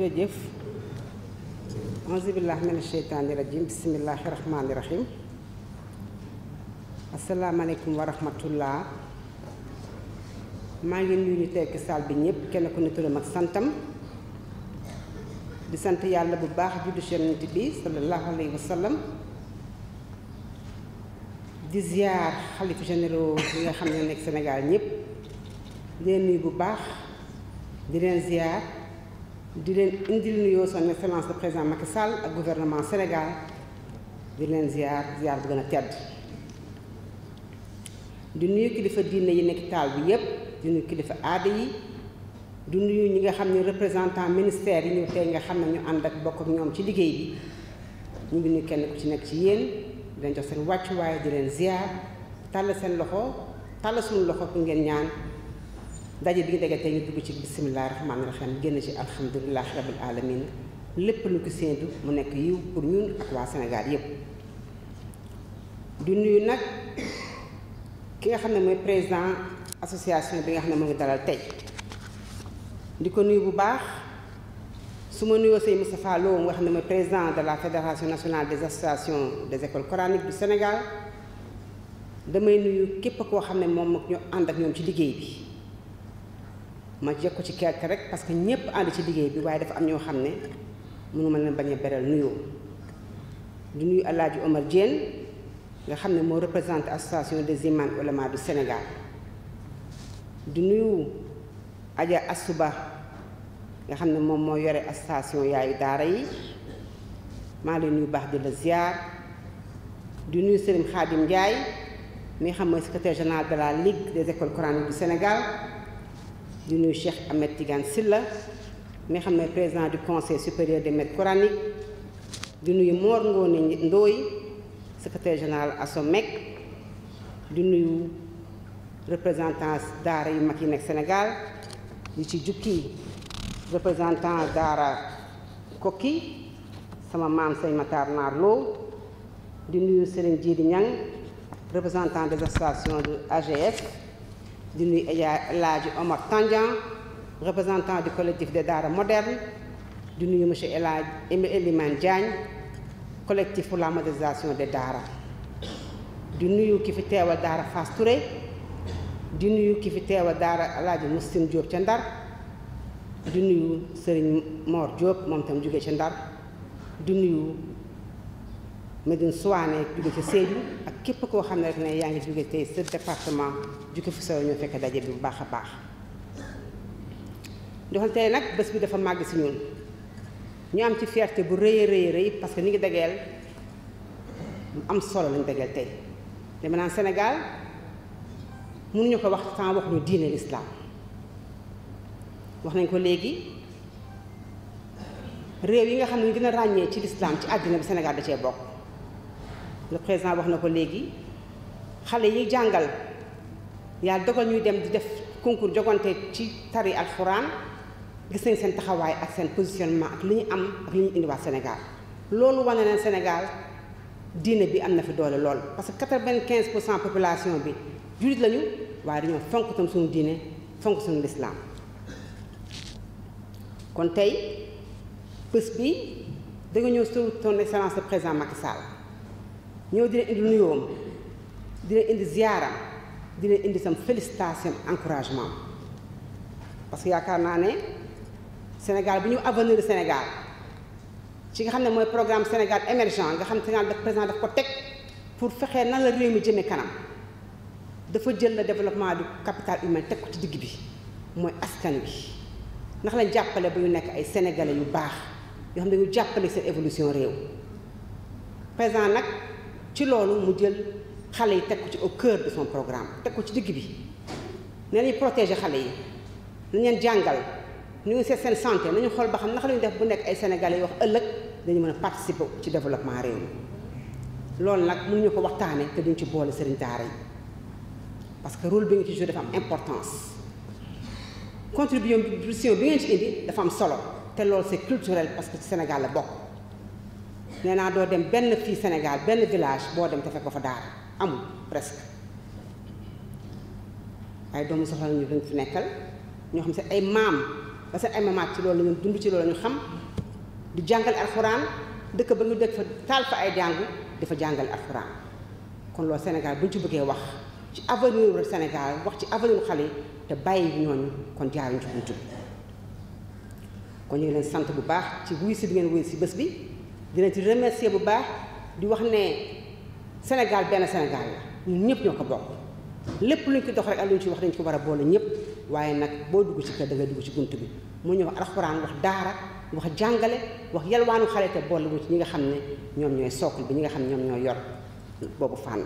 jërëjëf ansibillah mina sheytaani rajim bisimillahi rahmaani rahim asalaamaaleykum wa rahmatullah maa ngi nuyu ñu tekki saal bi ñëpp kenn ku ne turam ak santam di sant yàlla bu baax juddu yonent bi sallallahu alayhi wa di ziar xalifa généraux yi nga xam ne nekk Sénégal ñëpp leen nuyu bu baax di leen ziar di leen indil nuyoo son excellence le président makki Sall ak gouvernement Sénégal di leen ziar ziar bu gën a tedd di nuyu kilifa diine yi nekk taal bi yépp di nuyu kilifa aada yi di nuyu ñi nga xam ne représentant ministère yi ñu tey nga xam ne ñu ànd ak bokk ak ñoom ci liggéey bi ñu ngi nuyu kenn ku ci nekk ci yéen di leen jox seen wàccuwaay di leen ziar tàll seen loxo tàll suñu loxo ku ngeen ñaan daje bi ñu daje tey ñu dugg ci bisimilah rahmaani rahiim génn ci alhamdulilah rabil alamin lépp lu ko séentu mu nekk yiw pour ñun ak waa Sénégal yëpp. du nuyu nag ki nga xam ne mooy président association bi nga xam ne mu ngi dalal tey di ko nuyu bu baax su ma nuyoo sëñ Moustapha Lo nga xam ne mooy président de la fédération nationale des associations des écoles coraniques bi Sénégal damay nuyu képp koo xam ne moom ak ñu ànd ak ñoom ci liggéey ma jekku ci quelque rek parce que ñëpp ànd ci liggéey bi waaye dafa am ñoo xam ne mënu ma leen bañ a nuyoo di nuyu El Hadj Omar Diène nga xam ne moo représente association des imams oulémas du Sénégal di nuyu Adja Asuba nga xam ne moom moo yore association yaayu daara yi maa ngi lay nuyu baax di la ziar di nuyu Serigne Khadim Ndiaye mi xam mooy secrétaire général de la Ligue des écoles coraniques du Sénégal. di nuyu Cheikh Ahmed Tidiane Silla mi xam ne président du conseil supérieur des maîtres coraniques di nuyu moor Ngone Ndoye secrétaire général ASOMEC di nuyu représentant daara yu mag yi nekk Sénégal di ci jukki représentant daara Koki sama maam Sëñ Matar Lo di nuyu Serigne Djidi Niang représentant des associations de AGS di nuyu El Hadj Omar Tandian représentant du collectif des Daara Moderne di nuyu monsieur El Hadj Elimane Diagne collectif pour la modernisation des Daara di nuyu ki fi teewal Daara Fass di nuyu ki fi teewal Daara El Hadj Moustine Diop ca Ndar di nuyu Serigne Mor Diop moom tam jóge ca Ndar di nuyu. Médine Souané jóge ci Sédhiou ak képp koo xam ne rek ne yaa ngi jóge tey sa département jóge fi soow ñoo fekk daje bi bu baax a baax doxal tey nag bés bi dafa màgg si ñun ñu am ci fierté bu rëyee rëyee rëy parce que ñu ngi dageel mu am solo lañ dageel tey dama senegal Sénégal mënuñu ko wax sans waxuñu diine l'islam wax nañ ko léegi réew yi nga xam ne ñu gën ràññee ci l'islam ci àddina bi Sénégal da cee bokk le président wax na ko léegi xale yi jàngal yàlla dogal ñuy dem di def concours jogante ci tari alxuraan gis nañ seen taxawaay ak seen positionnement ak li ñu am ak li ñu indiwaat Sénégal loolu wane na Sénégal diine bi am na fi doole lool parce que quatre-vingt-quinze pour cent population bi jullit lañu waaye dañoo fonk tam suñu diine fonk suñu lislaam kon tey pës bi da nga ñëw sur ton excellence le président Macky ñëw di leen indi nuyoom di indi ziyaaram di indi sam félicitation encouragement parce que yaakaar naa ne Sénégal bi ñu avenir Sénégal ci nga xam ne mooy programme Sénégal émergent nga xam ne Sénégal daf président dafa ko teg pour fexee nan la réew mi jëmee kanam dafa jël le développement du capital humain teg ko ci digg bi mooy askan bi ndax lañ jàppale bu ñu nekk ay sénégalais yu baax yoo xam ne dañu jàppale seen évolution réew président nag ci loolu mu jël xale yi teg ko ci au cœur de son programme teg ko ci digg bi ne nañu protéger xale yi nañ leen jàngal ñu ngi seet seen santé nañu xool ba xam naka la def bu nekk ay sénégalais yoo wax ëllëg dañu mën a participer ci développement réew mi loolu nag mu mënuñu ko waxtaane te duñ ci boole sëriñ daara yi parce que rôle bi nga ci joué dafa am importance contribution bi ngeen ci indi dafa am solo te loolu c'est culturel parce que ci Sénégal la bokk nee naa doo dem benn fii Sénégal benn village boo dem defee fekk ko fa daara amul presque ay doomu soxla ñu dañ fi nekkal ñoo xam seen ay maam ba seen ay mamaat ci loolu la ñu dund ci loolu ñu xam di jàngal alxuraan dëkk ba ñu dëkk fa taal fa ay jàngu dafa jàngal alxuraan kon loolu Sénégal buñ ci bëggee wax ci avenir Sénégal wax ci avenir xale te bàyyi ñooñu kon jaaruñ ci bunt bi kon ñu ngi leen sant bu baax ci wuy si bi ngeen wuy si bés bi dina ci remercier bu baax di wax ne Sénégal benn Sénégal la ñun ñëpp ñoo ko bokk lépp luñ ci dox rek ak luñ ci wax dañ ko war a boole ñëpp waaye nag boo dugg ci kër da ngay dugg ci gunt bi mu ñëw alxuraan wax daara wax jàngale wax yalwaanu xale te boole wu ci ñi nga xam ne ñoom ñooy sookul bi ñi nga xam ne ñoom ñooy yor boobu fànn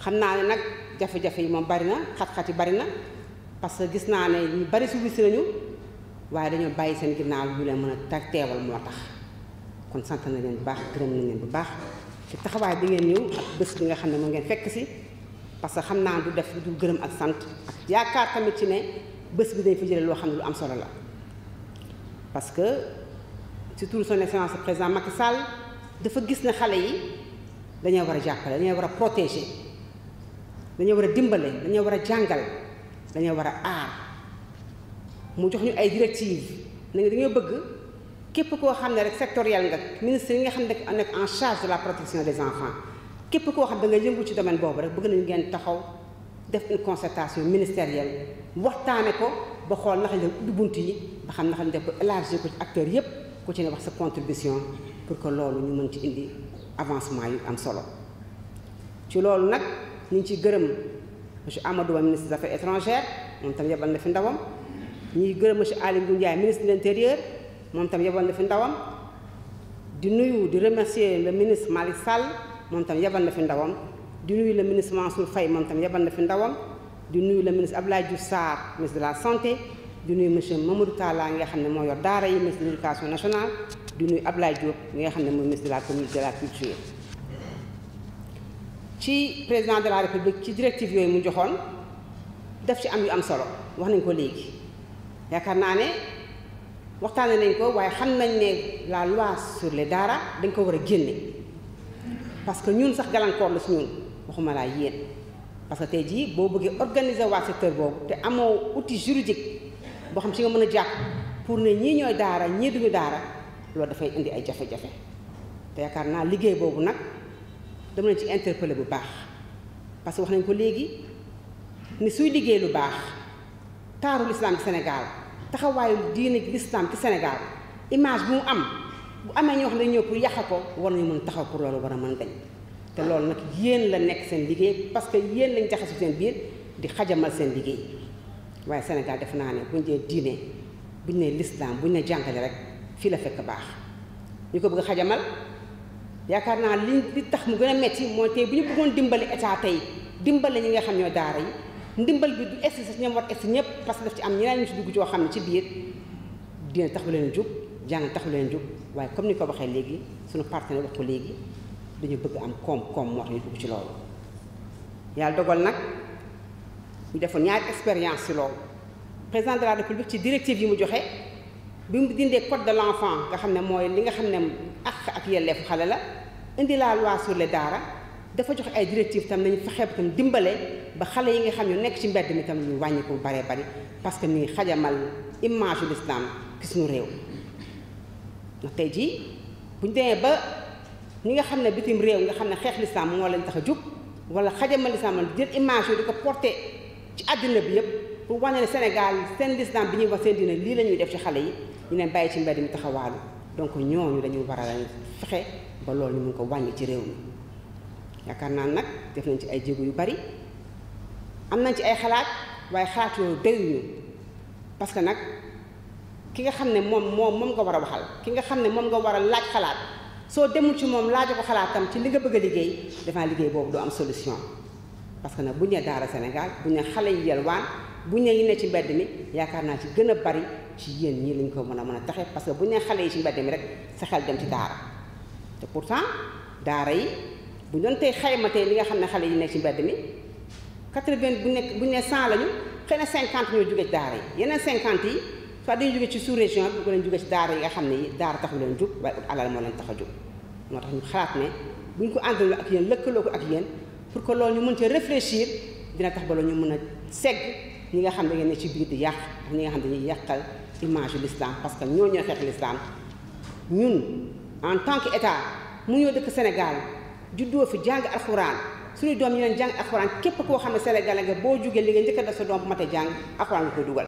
xam naa ne nag jafe-jafe yi moom bari na xat-xat yi bari na parce que gis naa ne ñu bari subi si nañu waaye dañoo bàyyi seen ginnaaw yu leen mën a teewal moo tax kon sant na leen bu baax gërëm na leen bu baax ci taxawaay bi ngeen ñëw ak bés bi nga xam ne moo ngeen fekk si parce que xam naa du def du gërëm ak sant ak yaakaar tamit ci ne bës bi dañ fi jëlee loo xam ne lu am solo la parce que ci turu son excellence président Macky Sall dafa gis ne xale yi dañoo war a jàppale dañoo war a protéger dañoo war a dimbale dañoo war a jàngal dañoo war a aar mu jox ñu ay directives ne dañoo bëgg képp koo xam ne rek sectoriel nga ministre yi nga xam ne nekk en charge de la protection des enfants képp koo xam ne da nga yëngu ci domaine boobu rek bëgg nañu ngeen taxaw def une concertation ministérielle waxtaane ko ba xool naka la ubbi bunt yi ba xam naka la def ko élargir ko ci acteurs yépp ku ci ne wax sa contribution pour que loolu ñu mën ci indi avancement yu am solo ci loolu nag ñu ngi ciy gërëm monsieur Amadou Ba ministre des affaires étrangères moom ta yebal na fi ndawam ñuy gërëm monsieur Aly Ngouille Ndiaye ministre de l'intérieur moom tam yebal na fi ndawam di nuyu di remercier le ministre Malick Sall moom tam yebal na fi ndawam di nuyu le ministre Mansour Faye moom tam yebal na fi ndawam di nuyu le ministre Abdoulaye Diouf Sarr ministre de la santé di nuyu monsieur Mamadou Talla nga xam ne moo yor daara yi ministre de l'éducation nationale di nuyu Abdoulaye Diop nga xam ne mooy ministre de la communauté de la culture. ci président de la république ci directive yooyu mu joxoon daf ci am yu am solo wax nañ ko léegi yaakaar naa ne. waxtaane nañ ko waaye xam nañ ne laa loi sur les daara dañ ko war a génne parce que ñun sax gàllankoor la si ñun waxuma laa yéen parce que tey jii boo bëggee organiser waa secteur boobu te amoo outil juridique boo xam si nga mën a jàpp pour ne ñii ñooy daara ñii duñu daara loolu dafay indi ay jafe-jafe te yaakaar naa liggéey boobu nag dama leen ci interpeller bu baax parce que wax nañ ko léegi ni suy liggéey lu baax taaru l'islam Sénégal taxawaayu diine l'islam ci Sénégal image bu mu am bu amee ñoo xam ne ñëw pour yàq ko war nañu mën taxaw pour loolu war a mën dañ te loolu nag yéen la nekk seen liggéey parce que yéen lañ jaxasu seen biir di xajamal seen liggéey waaye Sénégal def naa ne buñ dee diine buñ ne l'islam buñ ne jàngale rek fii la fekk baax ñu ko bëgg a xajamal yaakaar naa li li tax mu gën a metti mooy tey bu ñu bëggoon dimbali état tey dimbali ñi nga xam ñoo daara yi ndimbal bi du egsi si ñoom war egsi ñëpp parce que daf ci am ñeneen ñu ci dugg joo xam ne ci biir dina taxu leen jóg jàng taxu leen jóg waaye comme ni ko waxee léegi suñu partenaire wax ko léegi dañu bëgg am koom-koom moo tax ñu dugg ci loolu. yàlla dogal nag ñu defoon ñaari expérience si loolu président de la république ci directive yi mu joxe bi mu dindee code de l' enfant nga xam ne mooy li nga xam ne àq ak yelleefu xale la indi la loi sur les daara. dafa joxe ay directives tam nañu fexeeb tam dimbale ba xale yi nga xam ñu nekk ci mbedd mi tam ñu wàññi ko bare bari parce que mi ngi xajamal image yu lislaam ci suñu réew ndax tey jii buñ demee ba ñu nga xam ne bitim réew nga xam ne xeex lislaam moo leen tax a jub wala xajamal lislaam di jël image yi di ko porté ci àddina bi yëpp pour wane ne Sénégal seen lislaam bi ñuy wax seen diine lii la ñuy def ci xale yi ñu ne bàyyi ci mbedd mi taxawaalu donc ñooñu dañu war a fexe ba loolu ñu ko wàññi ci réew mi yaakaar naa nag def nañ ci ay jéego yu bari am nañ ci ay xalaat waaye xalaat yooyu doyuñu parce que nag ki nga xam ne moom moom moom nga war a waxal ki nga xam ne moom nga war a laaj xalaat soo demul ci moom laaj ko xalaatam ci li nga bëgg a liggéey defaa liggéey boobu doo am solution parce que nag bu ñu Daara Sénégal bu ñu nee xale yi yelwaan bu ñu ne ci mbedd mi yaakaar naa ci gën a bari ci yéen ñii lañ ko mën a mën a taxe parce que bu ñu xale yi ci mbedd mi rek sa xel dem ci Daara te pourtant Daara yi. bu doon tey xaymatee li nga xam ne xale yi nekk ci mbedd mi quatre-vingt bu nekk bu ñu ne cent lañu xëy na cinquante ñoo jóge daara yi yeneen cinquante yi soit dañu jóge ci sous région bi wala ñu jóge ci daara yi nga xam ne yi daara taxu leen jóg waaye ut alal moo leen tax a jóg moo tax ñu xalaat ne bu ñu ko àndal ak yéen lëkkaloo ko ak yéen pour ko loolu ñu mën ci réfléchir dina tax ba loolu ñu mën a segg ñi nga xam ne ngeen ne ci biir di yàq ak ñi nga xam ne dañuy yàqal image yu parce que ñoo ñoo xeex l'islam ñun en tant que état mu ñoo dëkk Sénégal juddoo fi jàng alxuraan suñu doom ñu leen jàng alxuraan képp koo xam ne sénégalais nga boo jugee li nga njëkk a def sa doom bu mat a jàng alxuraan nga koy dugal